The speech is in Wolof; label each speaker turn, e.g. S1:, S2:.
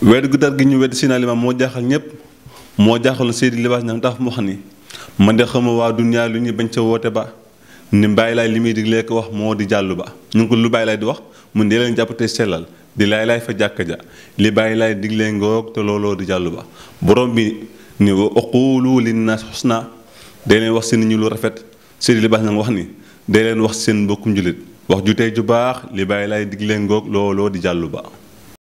S1: weddi gu gi ñu weddi Seydina Limaam moo jaxal ñëpp moo jaaxal Seydi Libaas Ñaŋ tax mu wax ni man de xama waa duniyaa lu ñuy bañ ca woote ba ni bàyyi laay li muy diglee ko wax moo di jàllu ba ñu ko lu bàyyi laay di wax mu dee leen sellal di laay laay fa jàkka ja li bàyyi laay diglee ngoog te looloo di jàllu ba borom bi ni wa na linnaas xusna day leen wax si ñu lu rafet Seydi Libaas Ñaŋ wax ni day leen wax seen mbokkum jullit wax ju tey ju baax li bàyyi laay diglee ngoog looloo di jàllu ba